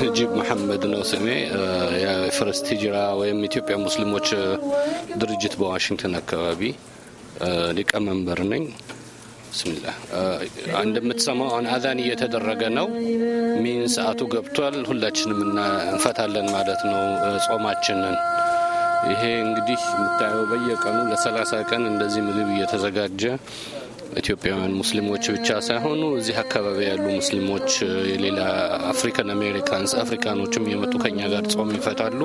ሂጂብ መሐመድ ነው ስሜ። የፈረስት ሂጅራ ወይም ኢትዮጵያ ሙስሊሞች ድርጅት በዋሽንግተን አካባቢ ሊቀመንበር ነኝ። ብስሚላ እንደምትሰማው አሁን አዛን እየተደረገ ነው። ሚን ሰዓቱ ገብቷል። ሁላችንም እንፈታለን ማለት ነው ጾማችንን ይሄ እንግዲህ የምታየው በየቀኑ ለሰላሳ ቀን እንደዚህ ምግብ እየተዘጋጀ ኢትዮጵያውያን ሙስሊሞች ብቻ ሳይሆኑ እዚህ አካባቢ ያሉ ሙስሊሞች፣ የሌላ አፍሪካን አሜሪካንስ አፍሪካኖችም የመጡ ከኛ ጋር ጾም ይፈታሉ።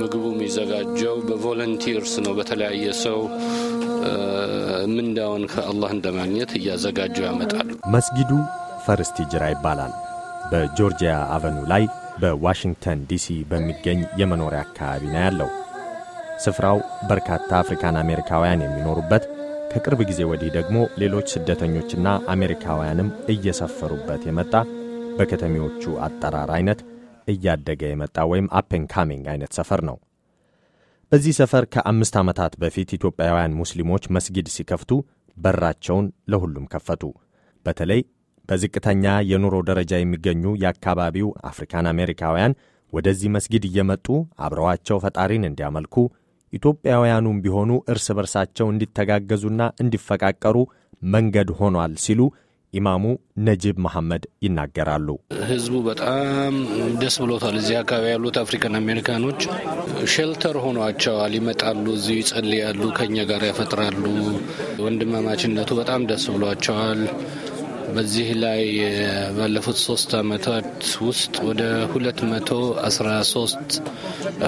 ምግቡ የሚዘጋጀው በቮለንቲርስ ነው። በተለያየ ሰው ምንዳውን ከአላህ እንደማግኘት እያዘጋጁ ያመጣሉ። መስጊዱ ፈርስቲ ጅራ ይባላል። በጆርጂያ አቨኑ ላይ በዋሽንግተን ዲሲ በሚገኝ የመኖሪያ አካባቢ ነው ያለው። ስፍራው በርካታ አፍሪካን አሜሪካውያን የሚኖሩበት ከቅርብ ጊዜ ወዲህ ደግሞ ሌሎች ስደተኞችና አሜሪካውያንም እየሰፈሩበት የመጣ በከተሜዎቹ አጠራር አይነት እያደገ የመጣ ወይም አፔን ካሚንግ አይነት ሰፈር ነው። በዚህ ሰፈር ከአምስት ዓመታት በፊት ኢትዮጵያውያን ሙስሊሞች መስጊድ ሲከፍቱ በራቸውን ለሁሉም ከፈቱ። በተለይ በዝቅተኛ የኑሮ ደረጃ የሚገኙ የአካባቢው አፍሪካን አሜሪካውያን ወደዚህ መስጊድ እየመጡ አብረዋቸው ፈጣሪን እንዲያመልኩ ኢትዮጵያውያኑም ቢሆኑ እርስ በርሳቸው እንዲተጋገዙና እንዲፈቃቀሩ መንገድ ሆኗል ሲሉ ኢማሙ ነጂብ መሐመድ ይናገራሉ። ህዝቡ በጣም ደስ ብሎታል። እዚህ አካባቢ ያሉት አፍሪካን አሜሪካኖች ሼልተር ሆኗቸዋል። ይመጣሉ፣ እዚሁ ይጸልያሉ፣ ከኛ ጋር ያፈጥራሉ። ወንድማማችነቱ በጣም ደስ ብሏቸዋል። በዚህ ላይ ባለፉት ሶስት አመታት ውስጥ ወደ 213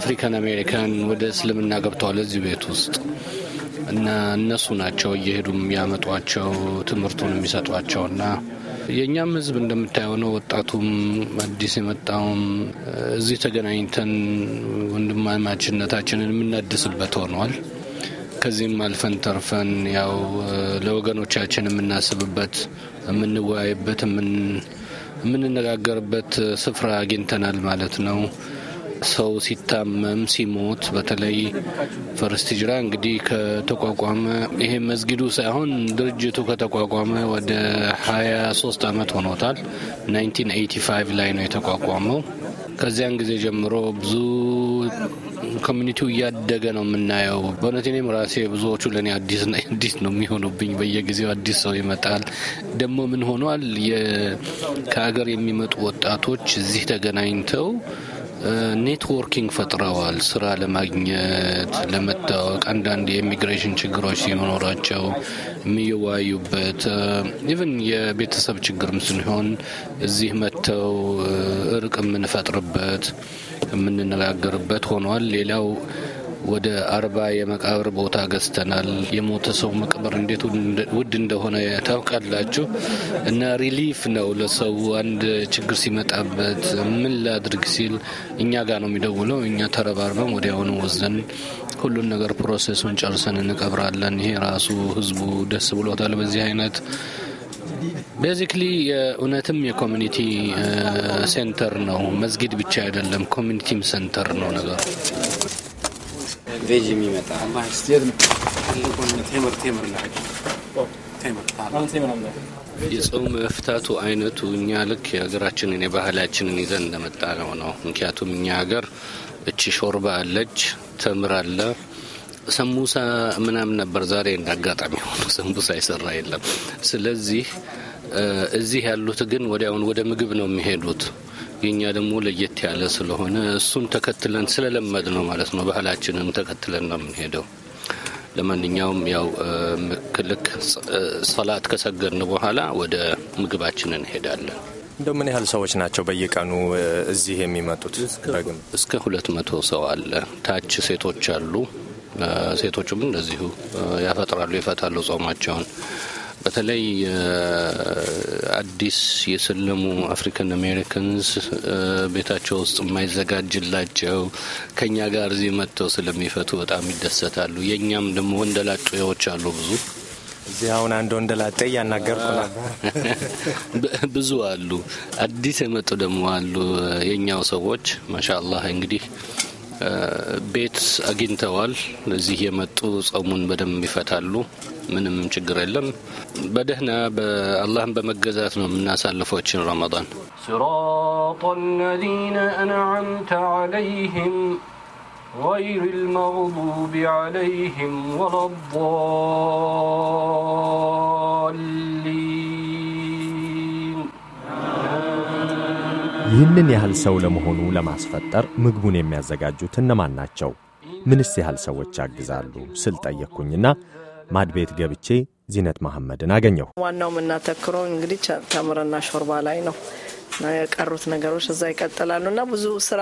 አፍሪካን አሜሪካን ወደ እስልምና ገብተዋል እዚህ ቤት ውስጥ እና እነሱ ናቸው እየሄዱ የሚያመጧቸው ትምህርቱን የሚሰጧቸው እና የእኛም ህዝብ እንደምታየው ነው። ወጣቱም አዲስ የመጣውም እዚህ ተገናኝተን ወንድማማችነታችንን የምናድስበት ሆኗል። ከዚህም አልፈን ተርፈን ያው ለወገኖቻችን የምናስብበት፣ የምንወያይበት፣ የምንነጋገርበት ስፍራ አግኝተናል ማለት ነው። ሰው ሲታመም ሲሞት፣ በተለይ ፈርስት ጅራ እንግዲህ ከተቋቋመ ይሄ መስጊዱ ሳይሆን ድርጅቱ ከተቋቋመ ወደ 23 ዓመት ሆኖታል። 1985 ላይ ነው የተቋቋመው። ከዚያን ጊዜ ጀምሮ ብዙ ኮሚኒቲው እያደገ ነው የምናየው። በእውነት እኔም ራሴ ብዙዎቹ ለእኔ አዲስ ነው የሚሆኑብኝ። በየጊዜው አዲስ ሰው ይመጣል። ደግሞ ምን ሆኗል? ከሀገር የሚመጡ ወጣቶች እዚህ ተገናኝተው ኔትወርኪንግ ፈጥረዋል። ስራ ለማግኘት ለመታወቅ፣ አንዳንድ የኢሚግሬሽን ችግሮች ሲኖራቸው የሚወያዩበት uh, ኢቨን የቤተሰብ ችግርም ስንሆን እዚህ መጥተው uh, እርቅ የምንፈጥርበት የምንነጋገርበት ሆኗል። ሌላው ወደ አርባ የመቃብር ቦታ ገዝተናል። የሞተ ሰው መቅበር እንዴት ውድ እንደሆነ ታውቃላችሁ። እና ሪሊፍ ነው ለሰው አንድ ችግር ሲመጣበት ምን ላድርግ ሲል እኛ ጋር ነው የሚደውለው። እኛ ተረባርበን ወዲያውኑ ወዘን ሁሉን ነገር ፕሮሴሱን ጨርሰን እንቀብራለን። ይሄ ራሱ ህዝቡ ደስ ብሎታል። በዚህ አይነት ቤዚክሊ የእውነትም የኮሚኒቲ ሴንተር ነው። መስጊድ ብቻ አይደለም፣ ኮሚኒቲም ሴንተር ነው ነገር ቬጅ የሚመጣ የጾም መፍታቱ አይነቱ እኛ ልክ የሀገራችንን የባህላችንን ይዘን እንደመጣ ነው ነው። ምክንያቱም እኛ ሀገር እቺ ሾርባ አለች፣ ተምር አለ፣ ሰሙሳ ምናምን ነበር። ዛሬ እንዳጋጣሚ ሆኖ ሰሙሳ አይሰራ የለም። ስለዚህ እዚህ ያሉት ግን ወዲያውን ወደ ምግብ ነው የሚሄዱት። የእኛ ደግሞ ለየት ያለ ስለሆነ እሱን ተከትለን ስለለመድ ነው ማለት ነው። ባህላችንም ተከትለን ነው የምንሄደው። ለማንኛውም ያው ልክ ሰላት ከሰገድን በኋላ ወደ ምግባችን እንሄዳለን። እንደው ምን ያህል ሰዎች ናቸው በየቀኑ እዚህ የሚመጡት? እስከ ሁለት መቶ ሰው አለ። ታች ሴቶች አሉ። ሴቶቹም እንደዚሁ ያፈጥራሉ፣ ይፈታሉ ጾማቸውን በተለይ አዲስ የሰለሙ አፍሪካን አሜሪካንስ ቤታቸው ውስጥ የማይዘጋጅላቸው ከኛ ጋር እዚህ መጥተው ስለሚፈቱ በጣም ይደሰታሉ። የእኛም ደግሞ ወንደላጤዎች አሉ ብዙ እዚህ አሁን አንድ ወንደላጤ እያናገርኩ ነበር። ብዙ አሉ፣ አዲስ የመጡ ደግሞ አሉ። የእኛው ሰዎች ማሻ አላህ እንግዲህ ቤት አግኝተዋል። ለዚህ የመጡ ጾሙን በደንብ ይፈታሉ። ምንም ችግር የለም። በደህና በአላህን በመገዛት ነው የምናሳልፎችን ረመዳን። صراط الذين أنعمت عليهم غير المغضوب عليهم ولا الضالين ይህንን ያህል ሰው ለመሆኑ ለማስፈጠር ምግቡን የሚያዘጋጁት እነማን ናቸው? ምንስ ያህል ሰዎች ያግዛሉ? ስል ጠየቅኩኝና ማድቤት ገብቼ ዚነት መሐመድን አገኘሁ። ዋናው የምናተክረው እንግዲህ ተምርና ሾርባ ላይ ነው። የቀሩት ነገሮች እዛ ይቀጥላሉ እና ብዙ ስራ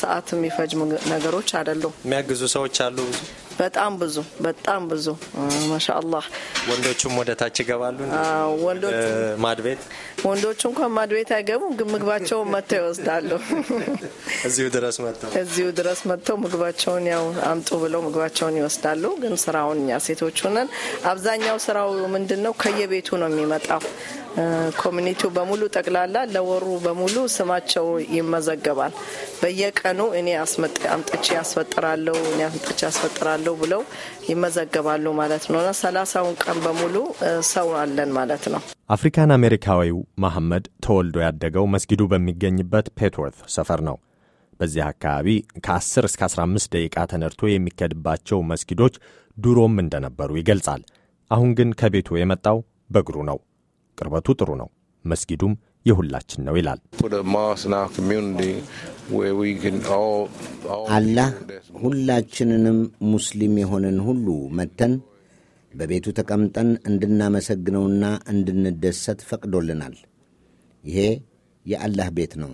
ሰዓት የሚፈጅ ነገሮች አይደሉም። የሚያግዙ ሰዎች አሉ። በጣም ብዙ በጣም ብዙ ማሻአላህ። ወንዶቹም ወደ ታች ይገባሉ። ማድቤት ወንዶቹ እንኳን ማድቤት አይገቡም፣ ግን ምግባቸውን መጥተው ይወስዳሉ። እዚሁ ድረስ መጥተው እዚሁ ድረስ መጥተው ምግባቸውን ያው አምጡ ብለው ምግባቸውን ይወስዳሉ። ግን ስራውን እኛ ሴቶች አብዛኛው ስራው ምንድን ነው ከየቤቱ ነው የሚመጣው ኮሚኒቲው በሙሉ ጠቅላላ ለወሩ በሙሉ ስማቸው ይመዘገባል። በየቀኑ እኔ አምጥቼ ያስፈጥራለሁ እኔ አምጥቼ ያስፈጥራለሁ ብለው ይመዘገባሉ ማለት ነው እና ሰላሳውን ቀን በሙሉ ሰው አለን ማለት ነው። አፍሪካን አሜሪካዊው መሐመድ ተወልዶ ያደገው መስጊዱ በሚገኝበት ፔትወርት ሰፈር ነው። በዚህ አካባቢ ከ10 እስከ 15 ደቂቃ ተነድቶ የሚከድባቸው መስጊዶች ድሮም እንደነበሩ ይገልጻል። አሁን ግን ከቤቱ የመጣው በእግሩ ነው። ቅርበቱ ጥሩ ነው፣ መስጊዱም የሁላችን ነው ይላል። አላህ ሁላችንንም ሙስሊም የሆነን ሁሉ መተን በቤቱ ተቀምጠን እንድናመሰግነውና እንድንደሰት ፈቅዶልናል። ይሄ የአላህ ቤት ነው።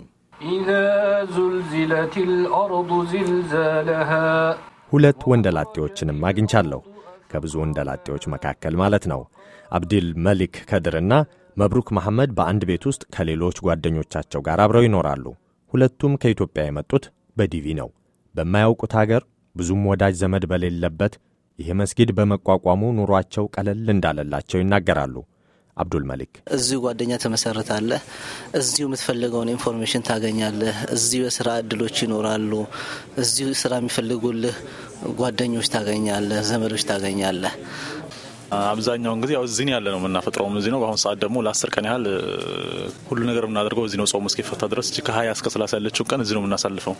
ሁለት ወንደላጤዎችንም አግኝቻለሁ። ከብዙ ወንደላጤዎች መካከል ማለት ነው። አብዲል መሊክ ከድርና መብሩክ መሐመድ በአንድ ቤት ውስጥ ከሌሎች ጓደኞቻቸው ጋር አብረው ይኖራሉ። ሁለቱም ከኢትዮጵያ የመጡት በዲቪ ነው። በማያውቁት አገር ብዙም ወዳጅ ዘመድ በሌለበት ይህ መስጊድ በመቋቋሙ ኑሯቸው ቀለል እንዳለላቸው ይናገራሉ። አብዱል መሊክ እዚሁ ጓደኛ ትመሰርታለህ፣ እዚሁ የምትፈልገውን ኢንፎርሜሽን ታገኛለህ፣ እዚሁ የስራ እድሎች ይኖራሉ፣ እዚሁ ስራ የሚፈልጉልህ ጓደኞች ታገኛለህ፣ ዘመዶች ታገኛለህ። አብዛኛውን ጊዜ ያው እዚህ ያለ ነው የምናፈጥረውም እዚህ ነው። በአሁኑ ሰዓት ደግሞ ለአስር ቀን ያህል ሁሉ ነገር የምናደርገው እዚህ ነው። ጾሙ እስኪፈታ ድረስ ከሀያ እስከ ሰላሳ ያለችውን ቀን እዚህ ነው የምናሳልፈው።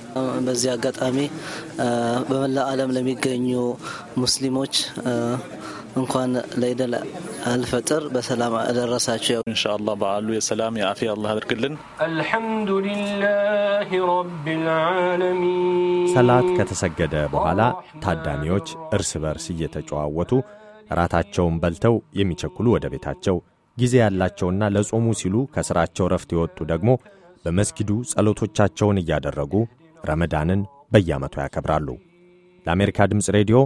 በዚህ አጋጣሚ በመላ ዓለም ለሚገኙ ሙስሊሞች እንኳን ለኢደል አልፈጥር በሰላም አደረሳችሁ። እንሻላ በዓሉ የሰላም የአፊ አላህ አድርግልን። ሰላት ከተሰገደ በኋላ ታዳሚዎች እርስ በርስ እየተጨዋወቱ ራታቸውን በልተው የሚቸኩሉ ወደ ቤታቸው፣ ጊዜ ያላቸውና ለጾሙ ሲሉ ከሥራቸው ረፍት የወጡ ደግሞ በመስጊዱ ጸሎቶቻቸውን እያደረጉ ረመዳንን በየዓመቱ ያከብራሉ። ለአሜሪካ ድምፅ ሬዲዮ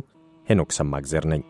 ሄኖክ ሰማግዜር ነኝ።